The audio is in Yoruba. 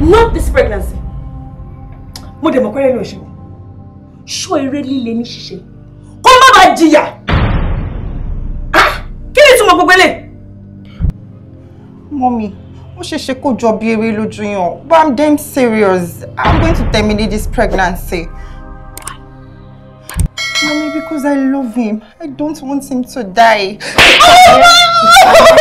Not this pregnancy. Mo dẹ̀ mọ̀ pẹ́rẹ́ ló ṣe o. Ṣó eré líle ní ṣíṣe. Kó má bàa jìyà. Kí ni ìtumọ̀ gbogbo eléyìí? Mọ́mí, ó ṣe ṣe kó jọ bí eré lójú yàn. But I'm damn serious. I'm going to terminate this pregnancy. Mommy, because I love him. I don't want him to die. Oh,